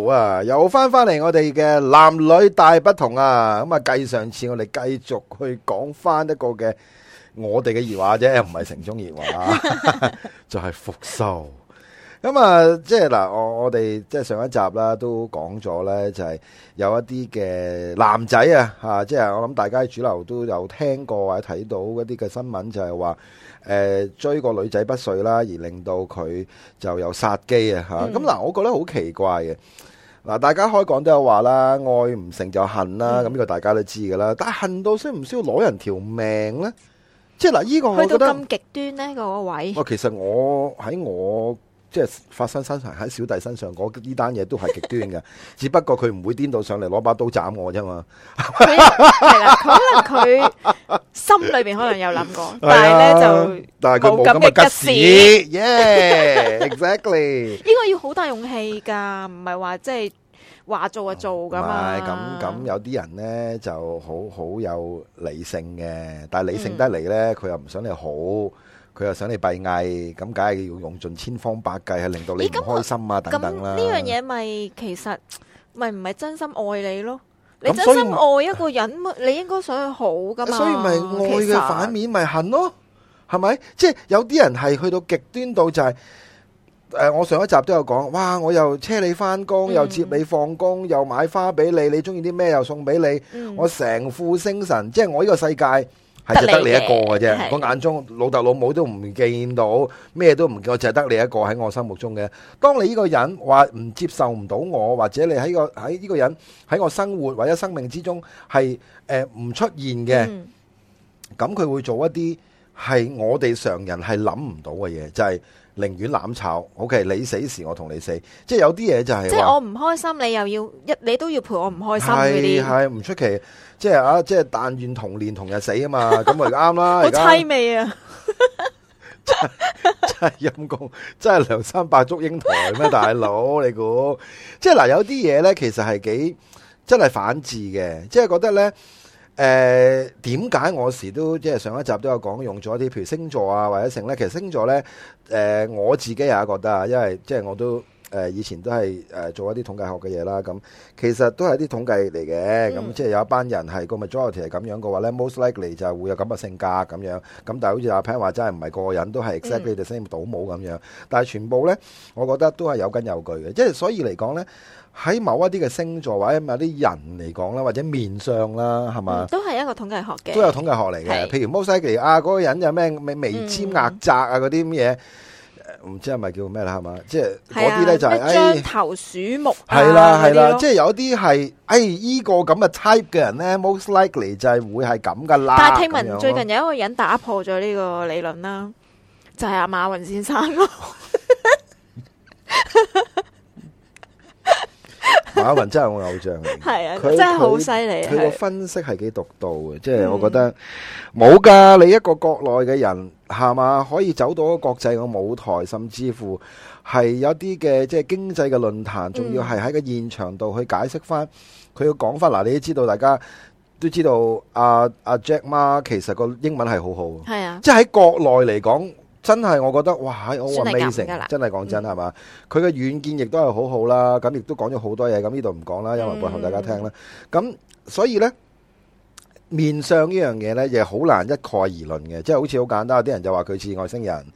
好啊，又翻翻嚟我哋嘅男女大不同啊，咁啊繼上次我哋繼續去講翻一個嘅我哋嘅疑話啫，唔係城中疑話， 就係復仇。咁、嗯、啊，即係嗱、啊，我我哋即係上一集啦、啊，都講咗咧，就係、是、有一啲嘅男仔啊，吓，即係我諗大家主流都有聽過或者睇到一啲嘅新聞，就係話誒追個女仔不遂啦，而令到佢就有殺機啊吓。咁嗱、嗯啊，我覺得好奇怪嘅。嗱、啊，大家開講都有話啦，愛唔成就恨啦，咁呢個大家都知噶啦。但係恨到需唔需要攞人條命咧？即係嗱，呢、啊呢個去到咁極端呢、呢個位、啊。其實我喺我。即係發生身上喺小弟身上，嗰啲單嘢都係極端嘅， 只不過佢唔會顛到上嚟攞把刀斬我啫嘛。係啦，可能佢心裏邊可能有諗過， 但係咧就冇咁嘅吉士。Yeah, exactly。呢個要好大勇氣㗎，唔係話即係話做就做㗎嘛。咁咁、嗯、有啲人咧就好好有理性嘅，但係理性得嚟咧，佢、嗯、又唔想你好。佢又想你閉翳，咁梗係要用盡千方百計去令到你唔開心啊，等等啦。咁呢樣嘢咪其實咪唔係真心愛你咯？你真心愛一個人，你應該想去好噶嘛。所以咪愛嘅反面咪恨咯？係咪？即係有啲人係去到極端到就係誒，我上一集都有講，哇！我又車你翻工，又接你放工，又買花俾你，你中意啲咩又送俾你，我成副精神，即係我呢個世界，係就得你一個嘅啫。的我眼中老豆老母都唔見到，咩都唔見到，我就係得你一個喺我心目中嘅。當你呢個人話唔接受唔到我，或者你喺、個喺呢個人喺我生活或者生命之中係誒唔出現嘅，咁佢、嗯嗯、會做一啲係我哋常人係諗唔到嘅嘢，就係、是。寧願攬炒，OK，你死時我同你死，即係有啲嘢就係即係我唔開心，你又要一你都要陪我唔開心嗰啲，係係唔出奇，即係啊，即係但願同年同日死啊嘛，咁咪啱啦，好悽美啊 真，真係陰公，真係梁山伯祝英台咩大佬？你估即係嗱有啲嘢咧，其實係幾真係反智嘅，即係覺得咧。誒點解我時都即係上一集都有講用咗啲譬如星座啊或者成咧，其實星座咧誒、呃、我自己也覺得啊，因為即係、就是、我都。誒以前都係誒做一啲統計學嘅嘢啦，咁其實都係啲統計嚟嘅，咁即係有一班人係個 majority 係咁樣嘅話咧，most likely 就會有咁嘅性格咁樣。咁但係好似阿 Pan 話，真係唔係個個人都係 exactly the same 賭母咁樣。但係全部咧，我覺得都係有根有據嘅。即係所以嚟講咧，喺某一啲嘅星座或者某啲人嚟講啦，或者面相啦，係嘛，都係一個統計學嘅，都有統計學嚟嘅。譬如 most likely 啊，嗰個人有咩眉眉尖額窄啊，嗰啲咁嘢。唔知係咪叫咩啦，係嘛？即係嗰啲咧就係，哎，獐頭鼠目係啦係啦，即係有啲係，哎，依個咁嘅 type 嘅人咧，most likely 就係會係咁噶啦。但係聽聞樣最近有一個人打破咗呢個理論啦，就係、是、阿馬雲先生。 馬雲真係我偶像，係 啊，佢他真係好犀利，佢個分析係幾獨到嘅，即、就、係、是、我覺得冇噶、嗯，你一個國內嘅人係嘛，可以走到個國際個舞台，甚至乎係有啲嘅即係經濟嘅論壇，仲要係喺個現場度去解釋翻佢、嗯、要講翻嗱，你都知道，大家都知道阿阿、啊啊、Jack 嘛，其實個英文係好好，係是啊，即係喺國內嚟講。真係我覺得哇，我話 Amazing，真係講真啦，係嘛？佢嘅遠見亦都係好好啦，咁亦都講咗好多嘢，咁呢度唔講啦，因為背後大家聽啦。咁所以呢，面相呢樣嘢呢，亦好難一概而論嘅，即係好似好簡單，有啲人就話佢似外星人，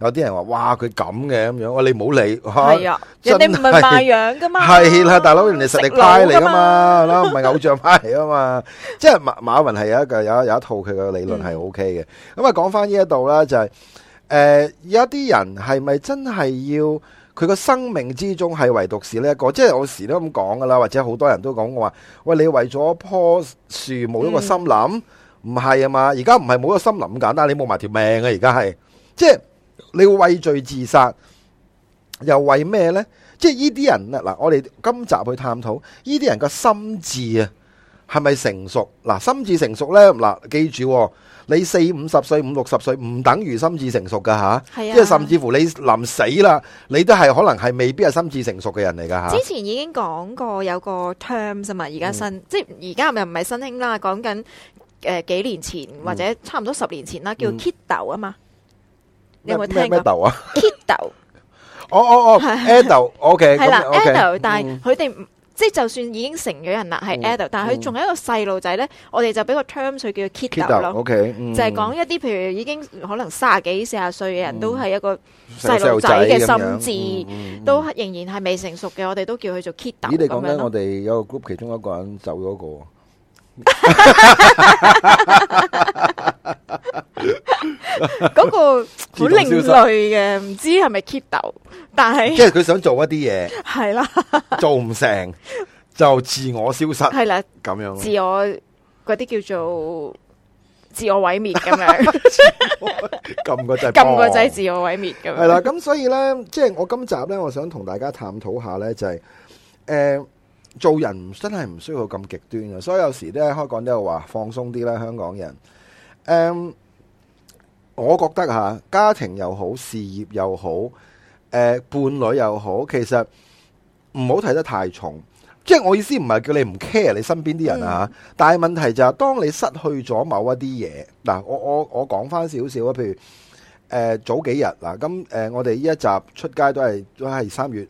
有啲人話哇佢咁嘅咁樣，喂你唔好理，係啊，人哋唔係賣樣噶嘛，係啦，大佬人哋實力派嚟噶嘛，啦唔係偶像派嚟噶嘛，即係馬馬雲係有一個有有一套佢嘅理論係 OK 嘅，咁啊講翻呢一度啦，就係。誒、呃，有啲人係咪真係要佢個生命之中係唯獨是呢一個？即係我時都咁講噶啦，或者好多人都講我話：喂，你為咗棵樹冇咗個森林，唔係啊嘛？而家唔係冇咗森林咁簡單，你冇埋條命啊！而家係，即係你要畏罪自殺，又為咩呢？即係呢啲人啊！嗱，我哋今集去探討呢啲人個心智啊。係咪成熟？嗱，心智成熟咧，嗱，記住，你四五十歲、五六十歲唔等於心智成熟噶吓，係啊，即係甚至乎你臨死啦，你都係可能係未必係心智成熟嘅人嚟噶吓。之前已經講過有個 terms 啫嘛，而家新即係而家咪唔係新興啦，講緊誒幾年前或者差唔多十年前啦，叫 Keto 啊嘛，你有冇聽過？咩豆啊？Keto，哦哦哦，Ado，OK，係啦，Ado，但係佢哋。即係就算已經成咗人啦，係 adult，但佢仲係一個細路仔咧。我哋就俾個 term 佢叫 Kidda 咯，就係講一啲譬如已經可能卅幾四十歲嘅人都係一個細路仔嘅心智，嗯，小小嗯嗯、都仍然係未成熟嘅。我哋都叫佢做 Kidda。你哋講緊，我哋有個 group 其中一個人走咗個。嗰個好另類嘅，唔知係咪 Kido，但係即係佢想做一啲嘢，係啦，做唔成就自我消失，係啦，咁樣自我嗰啲叫做自我毀滅咁樣，撳個掣，撳個掣自我毀滅咁樣，係啦，咁所以咧，即係我今集咧，我想同大家探討下咧，就係誒。做人真係唔需要咁極端嘅，所以有時咧，開講都話放鬆啲啦，香港人。嗯、我覺得嚇家庭又好，事業又好、呃，伴侶又好，其實唔好睇得太重。即係我意思，唔係叫你唔 care 你身邊啲人啊、嗯、但係問題就係、是，當你失去咗某一啲嘢，嗱，我我我講翻少少啊，譬如呃、早幾日嗱，咁、呃、我哋呢一集出街都係都係三月。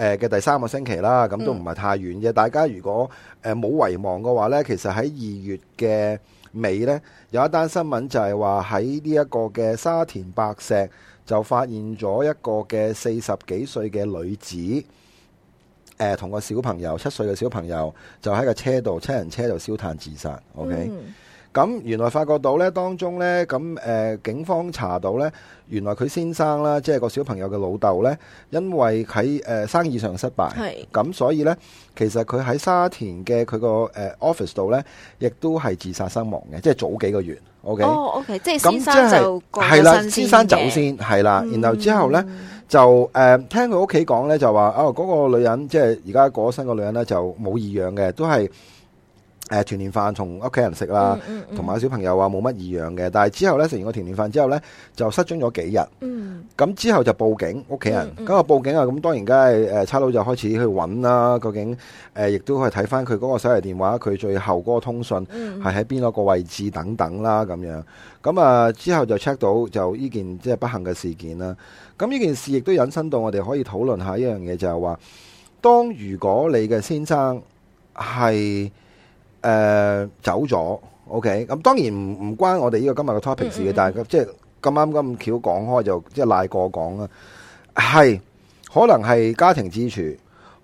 誒嘅、呃、第三個星期啦，咁都唔係太遠嘅。嗯、大家如果誒冇、呃、遺忘嘅話呢，其實喺二月嘅尾呢，有一單新聞就係話喺呢一個嘅沙田白石就發現咗一個嘅四十幾歲嘅女子，誒、呃、同個小朋友，七歲嘅小朋友就喺個車度，七人車度燒炭自殺。嗯、OK。咁原來發覺到咧，當中咧咁誒，警方查到咧，原來佢先生啦，即係個小朋友嘅老豆咧，因為喺、呃、生意上失敗，咁是 所以咧，其實佢喺沙田嘅佢個 office 度咧，亦都係自殺身亡嘅，即係早幾個月。okay？哦，okay，即係先生、就是、是就過咗身先嘅，係啦，先生走先、嗯、係啦，然後之後咧就誒、呃、聽佢屋企講咧就話，哦嗰、那個女人即係而家過咗身個女人咧就冇異樣嘅，都係。誒團年飯同屋企人食啦，同埋、嗯嗯嗯、小朋友啊，冇乜異樣嘅。但係之後呢，食完個團年飯之後呢，就失蹤咗幾日。咁、嗯、之後就報警屋企人咁啊，嗯嗯、報警啊。咁當然梗係差佬就開始去揾啦，究竟亦都、呃、可以睇翻佢嗰個手提電話，佢最後嗰個通訊係喺邊一個位置等等啦。咁樣咁啊，嗯嗯、之後就 check 到就呢件即係、就是、不幸嘅事件啦。咁呢件事亦都引申到我哋可以討論一下一樣嘢，就係話當如果你嘅先生係。誒、呃，走咗，OK。咁當然唔唔關我哋呢個今日嘅 topic 事嘅，mm hmm. 但係即係咁啱咁巧講開就即係賴過講啦，係可能係家庭支柱，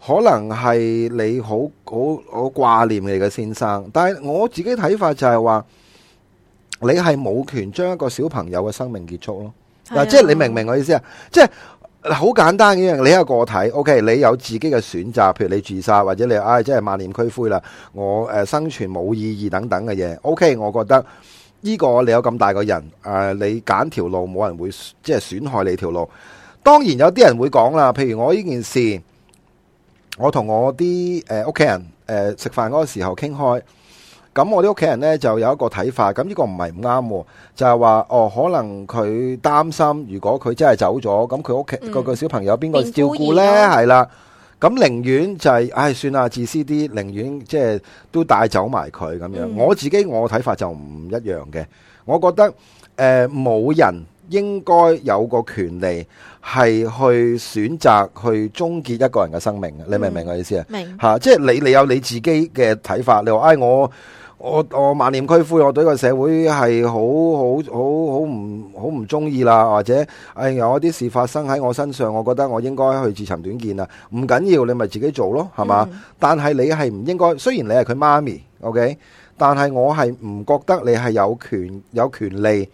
可能係你好好好掛念你嘅先生，但係我自己睇法就係、是、話你係冇權將一個小朋友嘅生命結束咯嗱、啊，即係你明唔明我意思啊？即係。好簡單嘅一樣，你一個體，OK，你有自己嘅選擇，譬如你自殺或者你唉、哎，真係萬念俱灰啦，我誒、呃、生存冇意義等等嘅嘢，OK，我覺得呢個你有咁大個人，誒、呃，你揀條路冇人會即係損害你條路，當然有啲人會講啦，譬如我呢件事，我同我啲誒屋企人誒、呃、食飯嗰個時候傾開。咁我哋屋企人呢就有一個睇法，咁呢個唔係唔啱，就係話哦，可能佢擔心，如果佢真係走咗，咁佢屋企個個小朋友邊個照顧呢？係啦，咁寧願就係，唉，算啦，自私啲，寧願即係都帶走埋佢咁樣。我自己我睇法就唔一樣嘅，我覺得誒冇人應該有個權利係去選擇去終結一個人嘅生命，你明唔明我意思啊？明吓，即係你你有你自己嘅睇法，你話唉我。我我萬念俱灰，我對個社會係好好好好唔好唔中意啦，或者誒有啲事發生喺我身上，我覺得我應該去自尋短見啦。唔緊要，你咪自己做咯，係嘛？嗯、但係你係唔應該，雖然你係佢媽咪，OK，但係我係唔覺得你係有權有權利。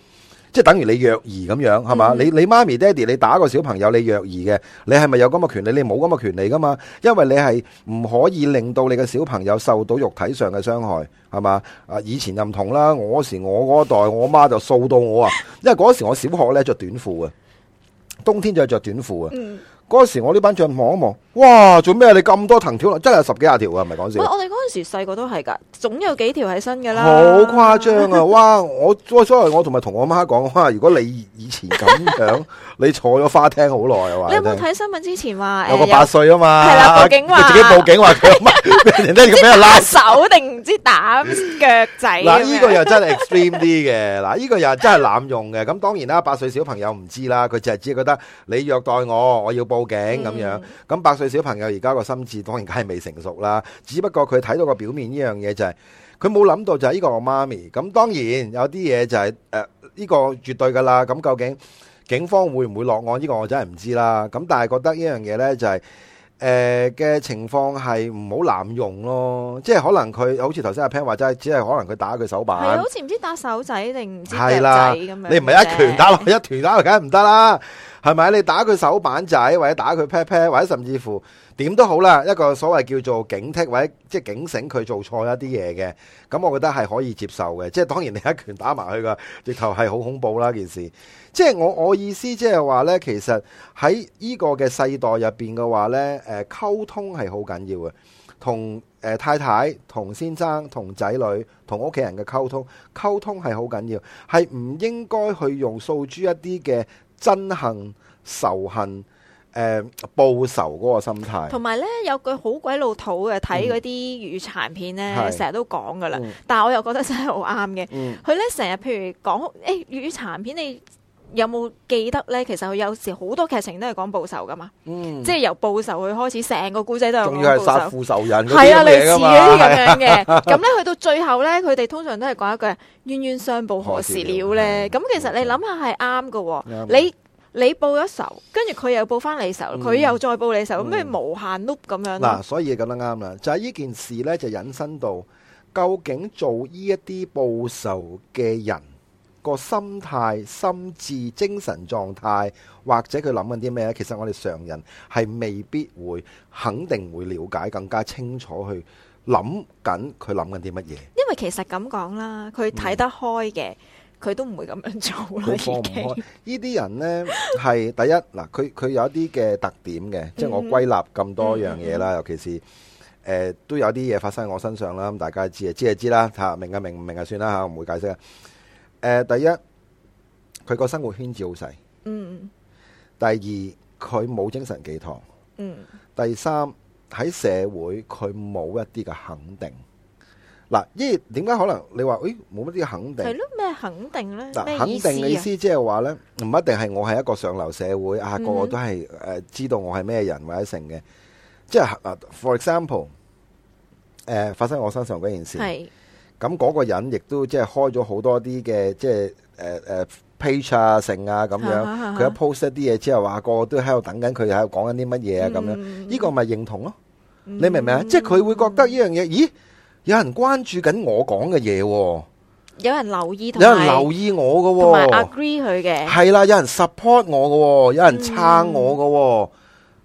即係等於你虐兒咁樣，係嘛、嗯？你你媽咪爹哋，你打個小朋友，你虐兒嘅，你係咪有咁嘅權利？你冇咁嘅權利㗎嘛？因為你係唔可以令到你嘅小朋友受到肉體上嘅傷害，係嘛？啊，以前就唔同啦，我時我嗰代，我媽就掃到我啊，因為嗰時我小學呢着短褲啊，冬天就係著短褲啊。嗯嗰時我呢班雀望一望，哇！做咩？你咁多藤條，真係有十幾廿條啊？唔係講笑。我哋嗰陣時細個都係噶，總有幾條係新嘅啦。好誇張啊！哇！我所以我我，我同埋同我媽講：如果你以前咁樣， 你坐咗花廳好耐啊！你有冇睇新聞之前話有個八歲啊嘛？係啦，報警話、啊、自己報警話，唔 知拉手定唔知打腳仔。嗱，呢 個又真係 extreme 啲嘅。嗱，呢個又真係濫用嘅。咁當然啦，八歲小朋友唔知啦，佢淨係只係覺得你虐待我，我要報。報警咁樣，咁八歲小朋友而家個心智，當然梗係未成熟啦。只不過佢睇到個表面呢樣嘢就係，佢冇諗到就係呢個我媽咪。咁當然有啲嘢就係，誒呢個絕對噶啦。咁究竟警方會唔會落案？呢個我真係唔知啦。咁但係覺得呢樣嘢呢就係，誒嘅情況係唔好濫用咯。即係可能佢好似頭先阿平話齋，只係可能佢打佢手板，係好似唔知打手仔定唔知打仔咁樣。你唔係一拳打落去，一拳打落去梗係唔得啦。係咪？你打佢手板仔，或者打佢 pat pat，或者甚至乎點都好啦，一個所謂叫做警惕或者即係警醒佢做錯一啲嘢嘅，咁我覺得係可以接受嘅。即係當然你一拳打埋去噶，直頭係好恐怖啦。件事，即係我我意思，即係話呢，其實喺呢個嘅世代入邊嘅話呢，誒溝通係好緊要嘅，同誒太太、同先生、同仔女、同屋企人嘅溝通，溝通係好緊要，係唔應該去用訴諸一啲嘅。憎恨、仇恨、報、呃、報仇嗰個心態，同埋呢有句好鬼老土嘅，睇嗰啲粵語殘片呢成日、嗯、都講噶啦，嗯、但係我又覺得真係好啱嘅。佢、嗯、呢成日譬如講誒粵語殘片你。有冇記得呢？其實佢有時好多劇情都係講報仇㗎嘛，即係由報仇佢開始，成個故仔都係講報仇。殺父仇人係啊，類似啲咁樣嘅。咁呢去到最後呢，佢哋通常都係講一句：冤冤相報何時了呢？咁其實你諗下係啱㗎。你你報咗仇，跟住佢又報返你仇，佢又再報你仇，咁咩無限 loop 咁樣。嗱，所以講得啱啦，就係呢件事呢，就引申到究竟做呢一啲報仇嘅人。個心態、心智、精神狀態，或者佢諗緊啲咩咧？其實我哋常人係未必會肯定會了解更加清楚去諗緊佢諗緊啲乜嘢。因為其實咁講啦，佢睇得開嘅，佢都唔會咁樣做嘅。佢放唔開呢啲人咧，係第一嗱，佢佢有一啲嘅特點嘅，即係我歸納咁多樣嘢啦。尤其是誒都有啲嘢發生喺我身上啦，咁大家知啊，知就知啦，嚇明就明，唔明就算啦嚇，我唔會解釋。誒、呃，第一佢個生活圈子好細，嗯。第二佢冇精神寄託，嗯。第三喺社會佢冇一啲嘅肯定。嗱、啊，因為點解可能你話誒冇一啲嘅肯定？係咯，咩肯定咧？咩、啊、肯定嘅意思即係話，即係話咧，唔一定係我係一個上流社會啊，個個都係誒、嗯呃、知道我係咩人或者成嘅。即係啊，for example，誒、呃、發生我身上嗰件事。咁嗰個人亦都即係開咗好多啲嘅，即係誒誒 page 啊、成啊咁樣。佢 一 post 一啲嘢之後，話個個都喺度等緊佢喺度講緊啲乜嘢啊咁、嗯、樣。呢、呢個咪認同咯？你明唔明啊？嗯、即係佢會覺得呢樣嘢，咦？有人關注緊我講嘅嘢，有人留意，有人留意我嘅，同埋 agree 佢嘅，係啦，有人 support 我嘅，有人撐我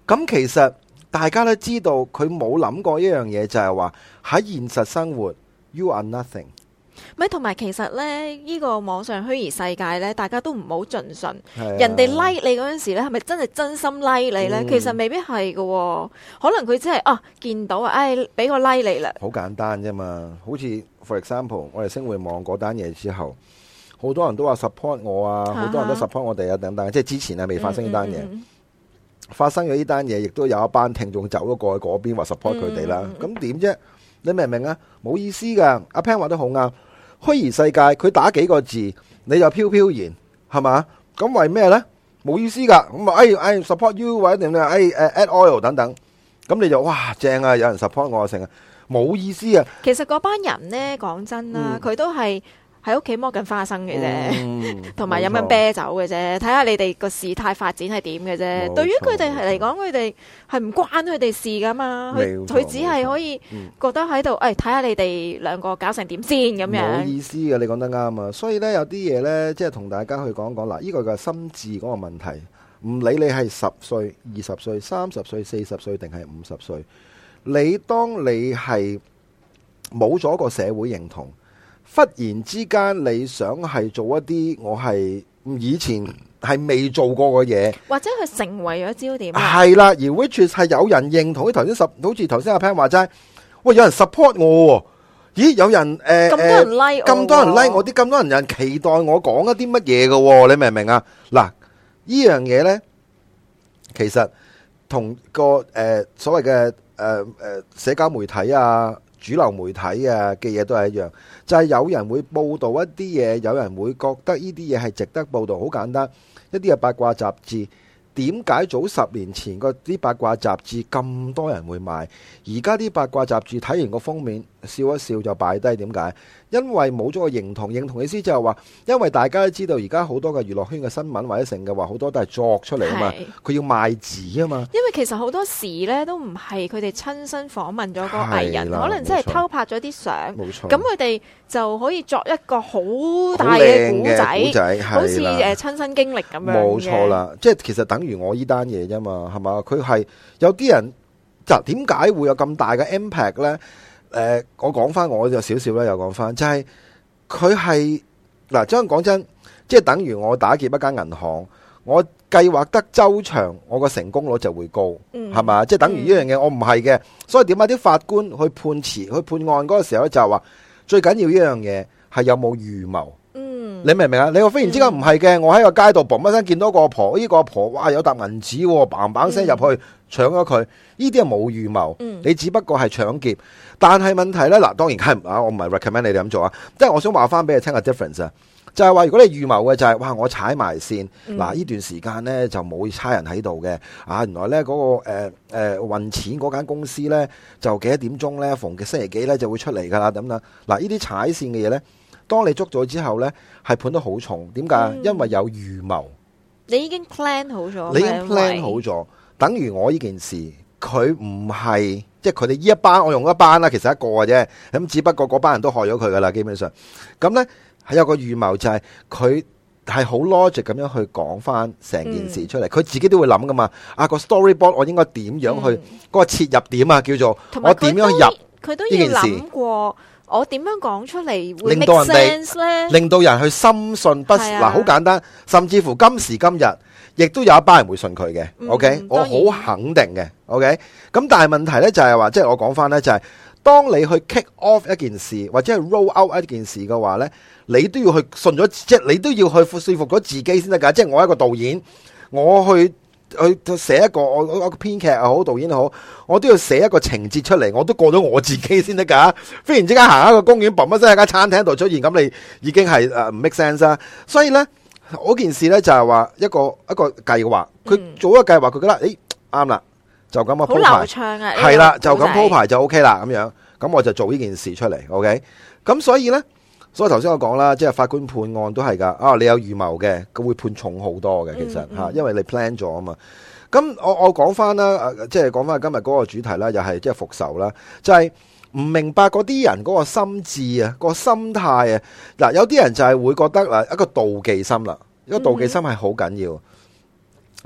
嘅。咁、嗯、其實大家都知道，佢冇諗過一樣嘢，就係話喺現實生活。你同埋其實呢，呢、呢個網上虛擬世界呢，大家都唔好盡信、啊、人哋 like 你嗰陣時咧，係咪真係真心 like 你呢？嗯、其實未必係嘅、哦，可能佢真係哦見到啊，唉俾個 like 你啦。好簡單啫嘛，好似 for example，我哋星匯網嗰單嘢之後，好多人都話 support 我啊，好多人都 support 我哋啊，uh huh. 等等。即係之前啊，未發生呢單嘢，嗯嗯發生咗呢單嘢，亦都有一班聽眾走咗過去嗰邊，話 support 佢哋啦。咁點啫？你明唔明啊？冇意思噶，阿 Pen 話得好啱，虛擬世界佢打幾個字，你就飄飄然，係嘛？咁為咩呢？冇意思噶。咁啊，哎哎 support you 或者點咧？哎誒 add oil 等等，咁你就哇正啊！有人 support 我成啊，冇意思啊。其實嗰班人呢，講真啦，佢、嗯、都係。喺屋企剝緊花生嘅啫，同埋飲緊啤酒嘅啫，睇下錯你哋個事態發展係點嘅啫。錯對於佢哋嚟講，佢哋係唔關佢哋事㗎嘛？佢佢錯只係可以覺得喺度，誒、嗯，睇下你哋兩個搞成點先咁樣。冇意思嘅，你講得啱啊！所以呢，有啲嘢呢，即係同大家去講講嗱，呢、這個嘅心智嗰個問題，唔理你係十歲、二十歲、三十歲、四十歲定係五十歲，你當你係冇咗個社會認同。忽然之間，你想係做一啲我係以前係未做過嘅嘢，或者佢成為咗焦點了。係啦，而 which is 係有人認同你頭先十，好似頭先阿 Pan 話齋，喂，有人 support 我，咦，有人誒，咁多人 like，咁多人 like 我啲，咁多人、like 哦、多人，有人期待我講一啲乜嘢嘅，你明唔明啊？嗱，呢樣嘢呢，其實同個誒、呃、所謂嘅誒誒社交媒體啊。主流媒體啊嘅嘢都係一樣，就係、是、有人會報道一啲嘢，有人會覺得呢啲嘢係值得報道。好簡單，一啲係八卦雜誌，點解早十年前個啲八卦雜誌咁多人會買？而家啲八卦雜誌睇完個封面，笑一笑就擺低，點解？因為冇咗個認同，認同嘅意思就係話，因為大家都知道，而家好多嘅娛樂圈嘅新聞或者成嘅話，好多都係作出嚟啊，是嘛，佢要賣紙啊嘛。因為其實好多時呢都唔係佢哋親身訪問咗個藝人，的可能真係偷拍咗啲相。咁佢哋就可以作一個好大嘅古仔，好似誒親身經歷咁樣。冇錯啦，即係其實等於我呢單嘢啫嘛，係嘛？佢係有啲人就點解會有咁大嘅 impact 呢？誒，我講翻我就少少啦。又講翻就係佢係嗱，將講真，即係等於我打劫一間銀行，我計劃得周詳，我個成功率就會高，係嘛？即係等於呢樣嘢，我唔係嘅，所以點解啲法官去判詞、去判案嗰個時候咧，就係話最緊要一樣嘢係有冇預謀。嗯，你明唔明啊？你話忽然之間唔係嘅，我喺個街度嘭一聲見到個阿婆，呢個阿婆哇有沓銀紙，棒棒聲入去。搶咗佢，呢啲係冇預謀，嗯、你只不過係搶劫。但係問題呢，嗱當然係啊，我唔係 recommend 你哋咁做啊。即係我想話翻俾你聽個 difference 啊，就係話如果你預謀嘅就係、是、哇，我踩埋線，嗱呢、嗯啊、段時間呢，就冇差人喺度嘅啊。原來呢、那、嗰個誒誒、呃呃、運錢嗰間公司呢，就幾多點鐘呢？逢星期幾呢就會出嚟噶啦，等等。嗱呢啲踩線嘅嘢呢，當你捉咗之後呢，係判得好重。點解？嗯、因為有預謀，你已經 plan 好咗，為你已經 plan 好咗。等於我呢件事，佢唔係即係佢哋呢一班，我用一班啦，其實一個嘅啫。咁只不過嗰班人都害咗佢噶啦，基本上。咁呢，係有個預謀就係、是、佢係好 logic 咁樣去講翻成件事出嚟。佢、嗯、自己都會諗噶嘛。啊個 storyboard 我應該點樣去嗰、嗯、個切入點啊，叫做我點樣入呢件事？都諗過我點樣講出嚟令到人哋呢令到人去深信不嗱，好是、啊啊、簡單，甚至乎今時今日。亦都有一班人會信佢嘅，OK，我好肯定嘅，OK。咁但係問題呢，就係話，即係我講翻呢，就係當你去 kick off 一件事或者係 roll out 一件事嘅話呢，你都要去信咗，即係你都要去說服咗自己先得噶。即係我係一個導演，我去去寫一個我我編劇又好，導演又好，我都要寫一個情節出嚟，我都過咗我自己先得噶。忽然之間行一個公園，嘣一聲喺間餐廳度出現，咁你已經係誒唔 make sense 啦。所以呢。嗰件事咧就係話一個一個計劃，佢做一個計劃，佢覺得誒啱啦，就咁啊鋪排，係啦、啊，了就咁鋪排就 O K 啦，咁樣，咁我就做呢件事出嚟，OK，咁所以呢，所以頭先我講啦，即係法官判案都係噶，啊，你有預謀嘅，佢會判重好多嘅，其實吓，因為你 plan 咗啊嘛，咁我我講翻啦，即係講翻今日嗰個主題啦，又係即係復仇啦，就係、是。就是唔明白嗰啲人嗰個心智啊，個心態啊，嗱、啊、有啲人就係會覺得嗱一個妒忌心啦，一個妒忌心係好緊要。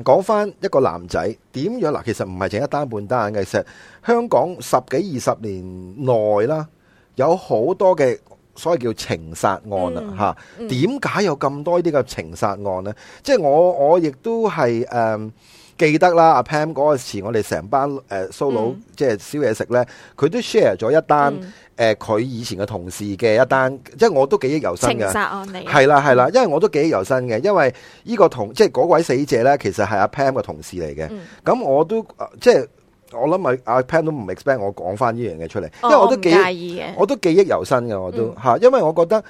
講翻、mm hmm. 一個男仔點樣嗱，其實唔係淨一單半單嘅，其實香港十幾二十年內啦，有好多嘅所謂叫情殺案啦吓。點解、mm hmm. 啊、有咁多呢啲嘅情殺案呢？即係我我亦都係誒。嗯記得啦，阿 Pam 嗰時我 solo, S、嗯，我哋成班誒蘇佬即係宵夜食呢，佢都 share 咗一單誒佢、嗯呃、以前嘅同事嘅一單，即係我都記憶猶新嘅。情殺案嚟，係啦，係啦，因為我都記憶猶新嘅，因為呢個同即係嗰位死者呢，其實係阿 Pam 嘅同事嚟嘅。咁、嗯、我都、呃、即係我諗，阿 Pam 都唔 expect 我講返呢樣嘢出嚟，哦、因為我都記憶我，我都記憶猶新嘅，我都、嗯、因為我覺得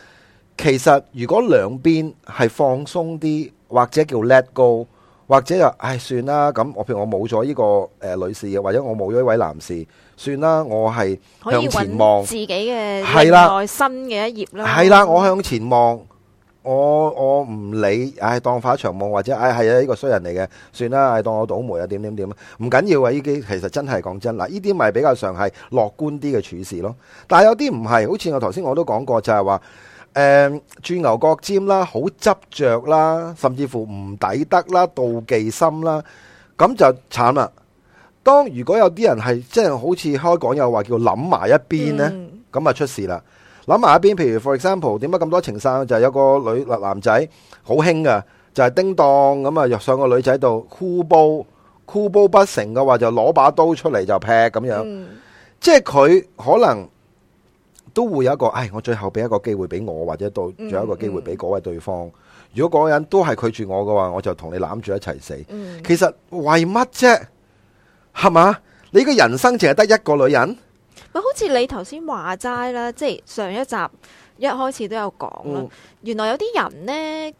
其實如果兩邊係放鬆啲，或者叫 let go。或者就唉算啦，咁我譬如我冇咗依個誒女士嘅，或者我冇咗一位男士，算啦，我係向前望自己嘅係啦，新嘅一頁啦，係啦，我向前望，我我唔理，唉，當化一場夢，或者唉係啊，呢個衰人嚟嘅，算啦，係當我倒霉啊，點點點啦，唔緊要啊，依啲其實真係講真啦，依啲咪比較上係樂觀啲嘅處事咯，但係有啲唔係，好似我頭先我都講過就係話。誒，鑽、嗯、牛角尖啦，好執着啦，甚至乎唔抵得啦，妒忌心啦，咁就慘啦。當如果有啲人係即係好似開講又話叫諗埋一邊呢，咁啊、嗯、出事啦。諗埋一邊，譬如 for example，點解咁多情生就是、有個女男仔好興噶，就係、是、叮噹咁啊，樣就上個女仔度箍煲，箍煲不成嘅話就攞把刀出嚟，就劈咁樣，嗯、即係佢可能。都會有一個，唉，我最後俾一個機會俾我，或者到仲有一個機會俾嗰位對方。嗯嗯、如果嗰人都係拒絕我嘅話，我就同你攬住一齊死。嗯、其實為乜啫？係嘛？你個人生淨係得一個女人。咪好似你頭先話齋啦，即係上一集一開始都有講、嗯、原來有啲人呢。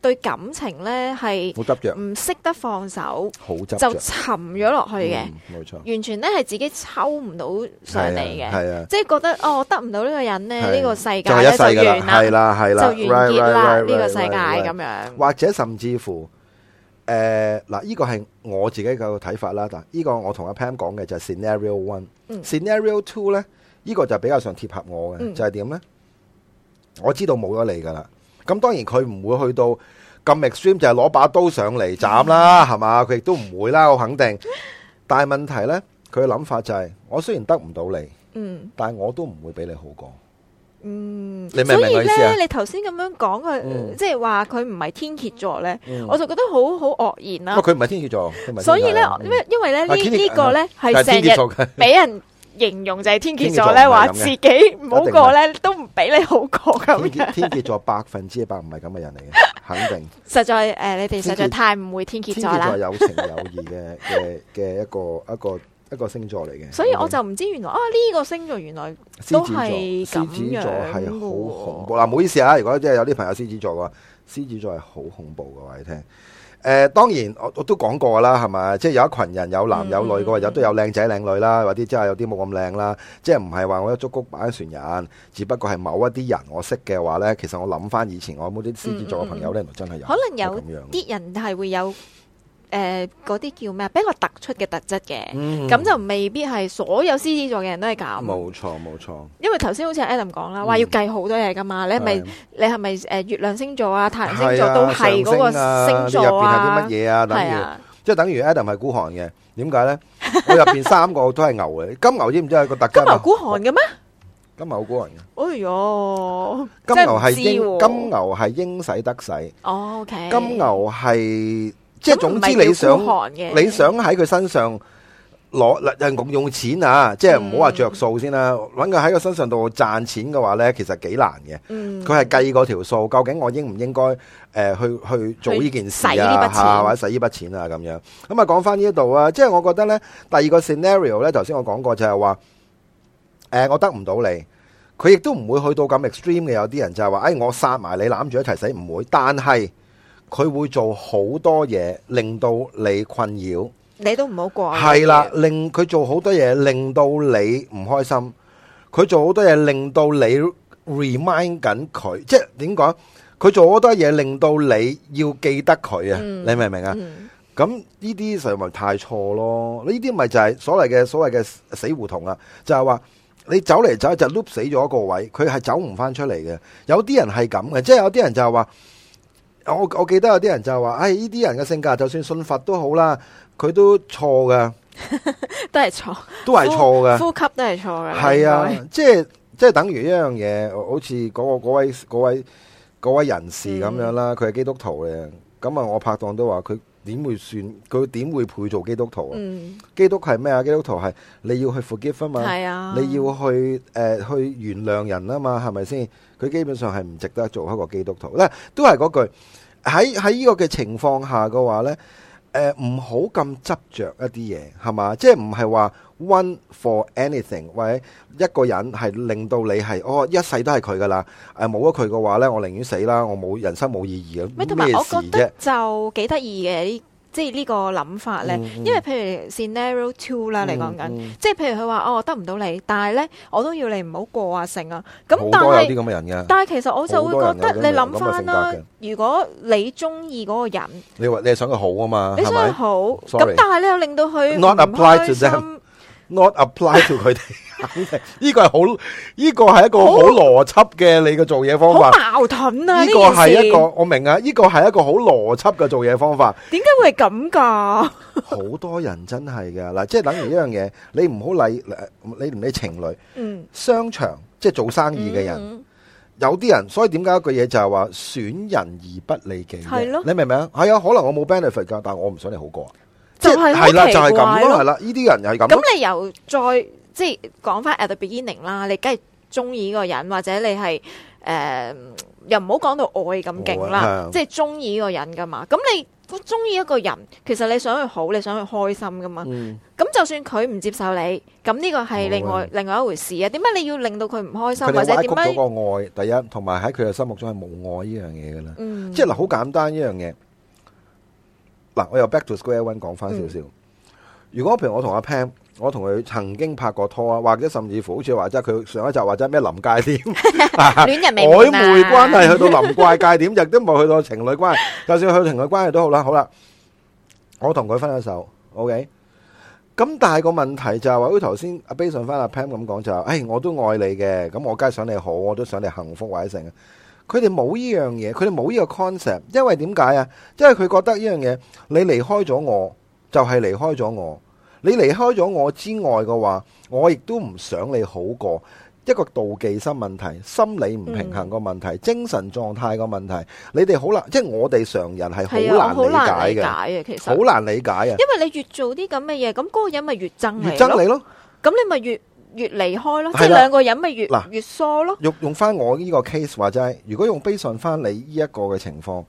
對感情呢係唔識得放手，就沉咗落去嘅，嗯，冇錯，完全呢係自己抽唔到上嚟嘅，即係覺得哦，我得唔到呢個人呢，呢是的 個世界就，是一世的就完啦，係啦就完結啦呢個世界咁樣，或者甚至乎誒嗱，呢個係我自己嘅睇法啦，但呢個我同阿 Pam 講嘅就係 sc、嗯、Scenario One，Scenario Two 呢，呢、這個就比較上貼合我嘅，就係、是、點呢？我知道冇咗你噶啦。咁當然佢唔會去到咁 extreme，就係攞把刀上嚟斬啦，係嘛？佢亦都唔會啦，我肯定。但係問題咧，佢嘅諗法就係，我雖然得唔到你，嗯，但係我都唔會俾你好過，嗯。你明唔明意思啊？所以咧，你頭先咁樣講佢，即係話佢唔係天蠍座咧，我就覺得好好愕然啦。佢唔係天蠍座，所以咧，因為因為咧呢呢個咧係成日俾人形容就係天蠍座咧，話自己唔好過咧，都唔俾你好過咁嘅。天蠍座百分之一百唔係咁嘅人嚟嘅， 肯定。實在誒、呃，你哋實在太誤會天蠍座啦。天蠍座有情有義嘅嘅嘅一個一個一個,一個星座嚟嘅。所以我就唔知原來 啊呢、呢個星座原來都係咁樣嘅。天蠍座係好恐怖嗱，唔好意思啊，如果即係有啲朋友天蠍座嘅話，天蠍座係好恐怖嘅話，你聽。誒、呃，當然我我都講過啦，係咪？即係有一群人，有男有女，佢話有都有靚仔靚女啦，或者真係有啲冇咁靚啦，即係唔係話我一竹谷擺船人，只不過係某一啲人我識嘅話呢。其實我諗翻以前我冇啲獅子座嘅朋友，嗯嗯嗯呢，唔係真係有，可能有啲人係會有。誒，嗰啲叫咩？俾個突出嘅特質嘅，咁就未必係所有獅子座嘅人都係咁。冇錯，冇錯。因為頭先好似阿 Adam 講啦，話要計好多嘢噶嘛，你係咪你係咪誒月亮星座啊、太陽星座都係嗰個星座啊？入邊係啲乜嘢啊？係啊，即係等於 Adam 係孤寒嘅，點解咧？我入邊三個都係牛嘅，金牛知唔知係個特級？金牛孤寒嘅咩？金牛孤寒嘅。哎喲，金牛係英，金牛係應使得使。哦，OK。金牛係。即係總之你想你想喺佢身上攞，誒，用用錢啊！嗯、即係唔好話着數先啦，啊，搵佢喺佢身上度賺錢嘅話呢，其實幾難嘅。佢係計嗰條數，究竟我應唔應該，呃、去去做呢件事啊？吓，啊、或者使呢筆錢啊咁樣。咁啊講翻呢一度啊，即係我覺得呢，第二個 scenario 呢，頭先我講過就係話，呃，我得唔到你，佢亦都唔會去到咁 extreme 嘅。有啲人就係話，誒、哎、我殺埋你攬住一齊死唔會，但係。佢會做好多嘢，令到你困擾。你都唔好過。係啦，令佢做好多嘢，令到你唔開心。佢做好多嘢，令到你 remind 緊佢，即係點講？佢做好多嘢，令到你要記得佢啊！嗯、你明唔明啊？咁呢啲實在太錯咯。呢啲咪就係所謂嘅所謂嘅死胡同呀，就係、是、話你走嚟走去就 loop 死咗一個位，佢係走唔翻出嚟嘅。有啲人係咁嘅，即係有啲人就係話。我我記得有啲人就話，哎，呢啲人嘅性格就算信佛也好都好啦，佢 都錯嘅錯，都係錯，都係錯嘅，呼吸都係錯嘅，係啊，位即係即係等於一樣嘢，好似嗰、嗰個嗰位嗰位嗰位人士咁樣啦，佢係、嗯、基督徒嘅，咁啊我拍檔都話佢。點會算佢，點會配做基督徒啊？嗯、基督係咩啊？基督徒係你要去 forgive 啊嘛，是啊、你要去誒、呃、去原諒人啊嘛？係咪先？佢基本上係唔值得做一個基督徒。嗱，都係嗰句，喺喺呢個嘅情況下嘅話呢，誒、呃，唔好咁執着一啲嘢，係嘛？即係唔係話。One for anything，或者一個人係令到你係，哦，一世都係佢噶啦。誒冇咗佢嘅話咧，我寧願死啦！我冇人生冇意義咁咩事啫。咪同埋我覺得就幾得意嘅，即係呢個諗法咧。因為譬如 scenario two 啦，你講緊，即係譬如佢話哦，我得唔到你，但係咧我都要你唔好過啊成啊。咁但係有啲咁嘅人嘅。但係其實我就會覺得你諗翻啦，如果你中意嗰個人，你你係想佢好啊嘛，你想佢好？咁但係你又令到佢唔開心。Not apply to 佢哋， 呢個係好，呢個係一個好邏輯嘅你嘅做嘢方法。好矛盾啊！呢個係一個件我明啊，呢個係一個好邏輯嘅做嘢方法。點解會係咁噶？好 多人真係噶，嗱，即係等於一樣嘢，你唔好理，你唔理情侶，嗯，商場即係做生意嘅人，嗯、有啲人，所以點解一句嘢就係話損人而不利己，係咯，你明唔明啊？係啊，可能我冇 benefit 噶，但係我唔想你好過。即係係啦，就係咁咯，係啦，呢啲人又係咁。咁你又再即係講翻 at the beginning 啦，你梗係中意呢個人，或者你係誒又唔好講到愛咁勁啦，即係中意呢個人噶嘛？咁你中意一個人，其實你想佢好，你想佢開心噶嘛？咁就算佢唔接受你，咁呢個係另外另外一回事啊。點解你要令到佢唔開心，或者點解？扭曲咗個愛，第一同埋喺佢嘅心目中係無愛呢樣嘢噶啦，即係嗱，好簡單一樣嘢。嗱，我又 back to square one 講翻少少。如果譬如我同阿 Pam，我同佢曾經拍過拖啊，或者甚至乎好似話即係佢上一集話即係咩臨界點，曖昧關係去到臨界點，亦都冇去到情侶關係，就算去到情侶關係都好啦。好啦，我同佢分咗手。OK，咁但係個問題就係，好似頭先阿 Bason 翻阿 Pam 咁講就，誒，我都愛你嘅，咁我梗係想你好，我都想你幸福或者成。佢哋冇呢樣嘢，佢哋冇呢個 concept，因為點解啊？因為佢覺得呢樣嘢，你離開咗我，就係、是、離開咗我。你離開咗我之外嘅話，我亦都唔想你好過。一個妒忌心問題、心理唔平衡個問題、精神狀態個問題，嗯、你哋好難，即係我哋常人係好難理解嘅，其實好難理解啊。因為你越做啲咁嘅嘢，咁嗰個人咪越憎你咯。咁你咪越。越離開咯，是的即係兩個人咪越喇越疏咯。用用翻，我呢個 case 話齋，如果用 based on 翻你呢一個嘅情況，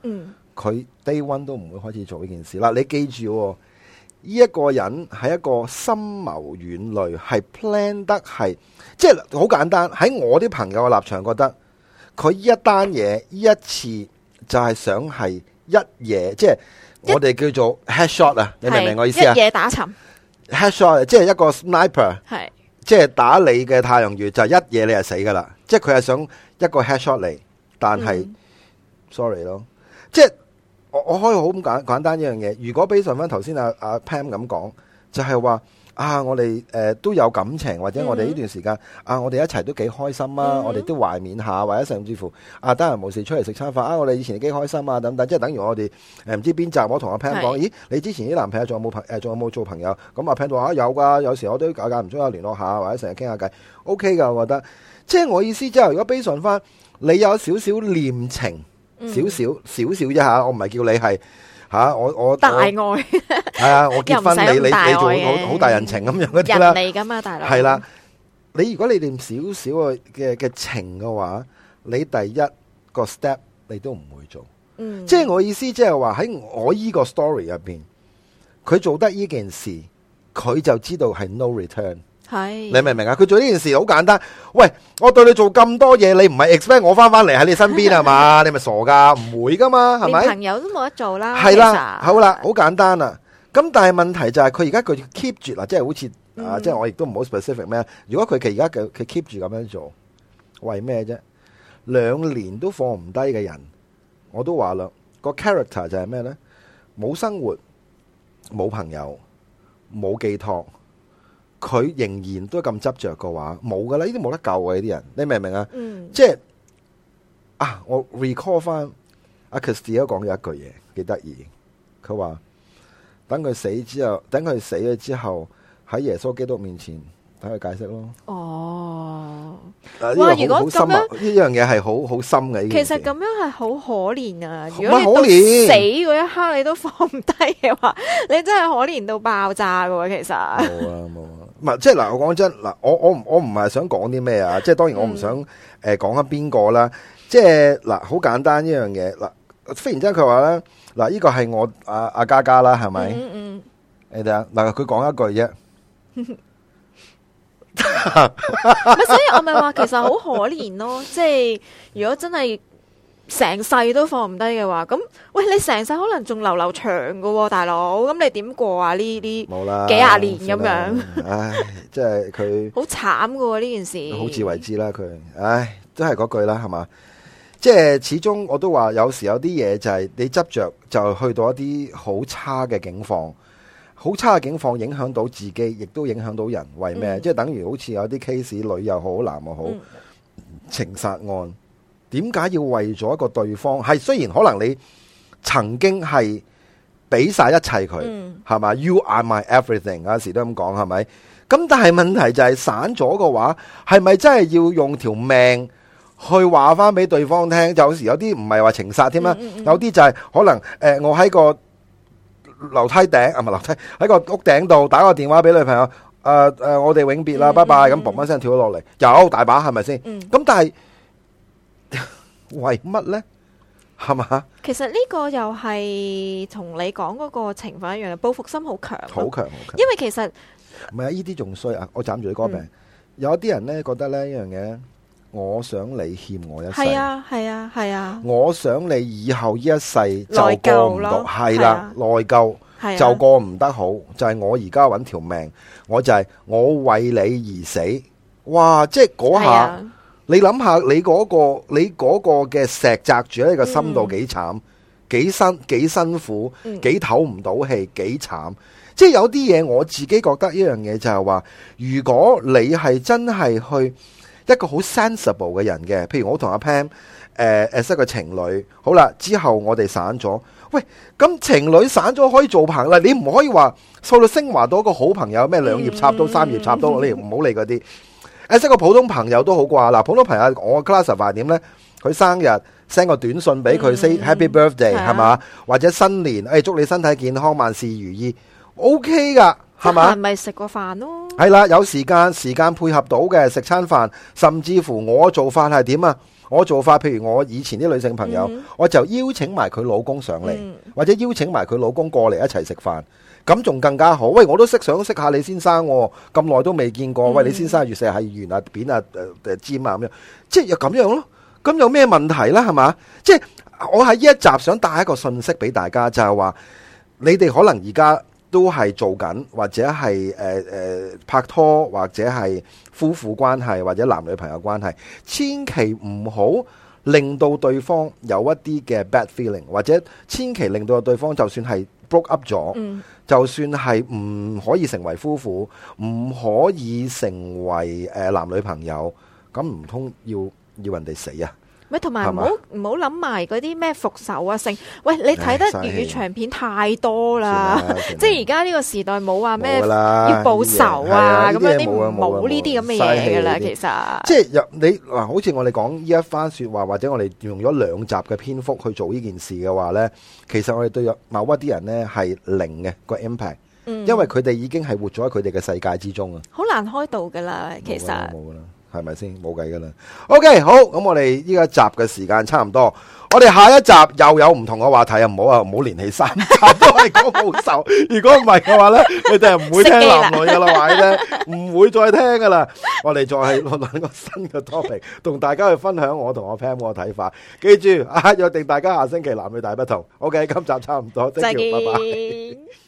佢、嗯、day one 都唔會開始做呢件事啦。你記住呢、哦，這個，一個人係一個深謀遠慮，係 plan 得，係，即係好簡單。喺我啲朋友嘅立場，覺得佢一單嘢，呢一次就係想係一夜，一即係我哋叫做 head shot 啊是！你明唔明我意思啊？一夜打沉 head shot，即係一個 sniper。係。即係打你嘅太陽穴，就是、一嘢你就死㗎啦！即係佢係想一個 headshot 嚟，但係、嗯、sorry 咯。即係我我可以好咁簡單一樣嘢。如果比上翻頭先啊啊 Pam 咁講，就係話。啊！我哋誒、呃、都有感情，或者我哋呢段時間、mm hmm. 啊，我哋一齊都幾開心啊！Mm hmm. 我哋都懷緬下，或者甚至乎啊，得閒無事出嚟食餐飯啊！我哋以前幾開心啊！等等，即係等於我哋誒唔知邊集，我同阿 Pan 講，是咦？你之前啲男朋友仲有冇朋仲、呃、有冇做朋友？咁、嗯、阿 Pan 話、啊、有㗎，有時我都搞搞唔中，有聯絡下，或者成日傾下偈，OK 㗎，我覺得。即係我意思即、就、係、是，如果悲傷翻，你有點點、mm hmm. 少少念情，少少少少一下，我唔係叫你係。吓、啊、我我大愛係啊！我結婚你你你做好好大人情咁樣嗰啲啦人，人嚟噶嘛大佬係啦，你如果你念少少嘅嘅情嘅話，你第一個 step 你都唔會做，嗯，即係我意思即係話喺我依個 story 入邊，佢做得依件事，佢就知道係 no return。係， 你明唔明啊？佢做呢件事好簡單。喂，我對你做咁多嘢，你唔係 expect 我翻翻嚟喺你身邊係嘛？ 你咪傻噶，唔會噶嘛，係咪？ 朋友都冇得做啦，係啦， 好啦，好 簡單啦。咁但係問題就係佢而家佢 keep 住啦，即係好似啊，即係、嗯、我亦都唔好 specific 咩。如果佢而家佢佢 keep 住咁樣做，為咩啫？兩年都放唔低嘅人，我都話啦，個 character 就係咩呢？冇生活，冇朋友，冇寄託。佢仍然都咁執着嘅話，冇噶啦，呢啲冇得救嘅呢啲人，你明唔明啊？嗯，即係啊，我 recall 翻阿 Kristy 都講咗一句嘢，幾得意。佢話，等佢死之後，等佢死咗之後，喺耶穌基督面前等佢解釋咯。哦，哇，如果咁樣呢樣嘢係好好深嘅，其實咁樣係好可憐啊！如果你死嗰一刻，你都放唔低嘅話，你真係可憐到爆炸噶，其實。冇啊，冇。唔係，即係嗱，我講真，嗱，我我唔我唔係想講啲咩啊，即係當然我唔想誒講緊邊個啦，即係嗱，好簡單一樣嘢，嗱，忽然之間佢話咧，嗱，呢個係我阿阿嘉嘉啦，係咪？嗯嗯，嗯你。睇下啊，嗱，佢講一句啫。咪所以，我咪話其實好可憐咯，即係如果真係。成世都放唔低嘅話，咁喂你成世可能仲留留長噶喎，哦，大佬，咁你點過啊？呢啲幾廿年咁樣，唉，即係佢好慘噶喎呢件事，好自為之啦。佢，唉，都係嗰句啦，係嘛？即係始終我都話，有時有啲嘢就係你執着，就去到一啲好差嘅境況，好差嘅境況影響到自己，亦都影響到人，為咩？嗯、即係等於好似有啲 case，女又好男又好，好嗯、情殺案。點解要為咗一個對方？係雖然可能你曾經係俾晒一切佢，係咪？You are my everything，有時都咁講，係咪？咁但係問題就係散咗嘅話，係咪真係要用條命去話翻俾對方聽？有時有啲唔係話情殺添啦，有啲就係可能誒，我喺個樓梯頂啊，唔係樓梯，喺個屋頂度打個電話俾女朋友，誒誒，我哋永別啦，拜拜，咁嘣一聲跳咗落嚟，有大把係咪先？咁但係。為乜呢？係嘛？其實呢個又係同你講嗰個情況一樣，報復心好強，好強，好強，因為其實唔係啊！呢啲仲衰啊！我斬住你個柄，嗯、有啲人呢覺得呢一樣嘢，我想你欠我一世，係啊，係啊，係啊，我想你以後呢一世就過唔到，係啦，內、啊、疚就過唔得好，就係、是、我而家揾條命，我就係我為你而死，哇！即係嗰下。你諗下，你嗰、嗰個你嗰個嘅石砸住喺個心度幾慘，幾辛幾辛苦，幾唞唔到氣，幾慘。即係有啲嘢我自己覺得一樣嘢就係話，如果你係真係去一個好 sensible 嘅人嘅，譬如我同阿 Pan、呃、a m 誒誒識個情侶，好啦，之後我哋散咗。喂，咁情侶散咗可以做朋友，你唔可以話修到升華到一個好朋友咩？兩葉插刀、三葉插刀，你唔好理嗰啲。 誒，識個普通朋友都好啩，嗱，普通朋友，我 classer 話點呢？佢生日 send 個短信俾佢，say happy birthday，係嘛？Yeah. 或者新年，誒、哎，祝你身體健康，萬事如意，OK 噶，係嘛？係咪食個飯咯？係啦，有時間，時間配合到嘅食餐飯，甚至乎我做法係點啊？我做法，譬如我以前啲女性朋友，我就邀請埋佢老公上嚟，或者邀請埋佢老公過嚟一齊食飯，咁仲更加好。喂，我都識想識下李先生，咁耐都未見過。喂，李先生月四係圓啊、扁啊、呃、呃、尖啊咁樣，即係又咁樣咯。咁有咩問題啦？係嘛？即係我喺呢一集想帶一個信息俾大家，就係話你哋可能而家。都係做緊，或者係、呃呃、拍拖，或者係夫婦關係，或者男女朋友關係，千祈唔好令到對方有一啲嘅 bad feeling，或者千祈令到對方就算係 break up 咗，就算係唔、嗯、可以成為夫婦，唔可以成為、呃、男女朋友，咁唔通要要人哋死啊！咪同埋唔好唔好諗埋嗰啲咩復仇啊性，喂，你睇得粵語長片太多啦，即係而家呢個時代冇話咩要報仇啊咁樣，啲冇呢啲咁嘅嘢噶啦，其實即係入你嗱，好似我哋講呢一番說話，或者我哋用咗兩集嘅篇幅去做呢件事嘅話咧，其實我哋對有某呢一啲人咧係零嘅個 impact，、嗯、因為佢哋已經係活咗喺佢哋嘅世界之中啊，好難開導噶啦，其實。係咪先冇計噶啦？OK，好，咁我哋依一集嘅時間差唔多，我哋下一集又有唔同嘅話題，唔好啊，唔好連起三集都係講復仇。 如果唔係嘅話咧， 你哋係唔會聽男女噶啦，話咧唔會再聽噶啦， 我哋再係攞兩個新嘅 topic 同大家去分享我同我 Pam 嘅睇法，記住啊，約定大家下星期男女大不同。OK，今集差唔多， Thank you, 拜拜！